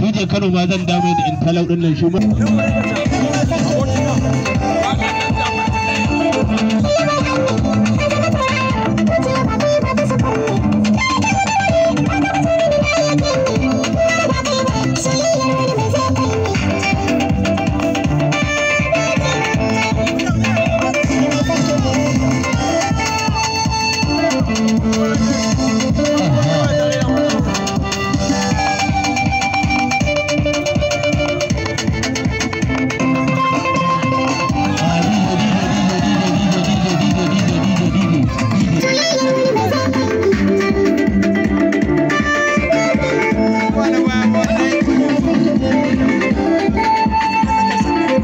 DJ Kano ma zan dame da in talau nan shi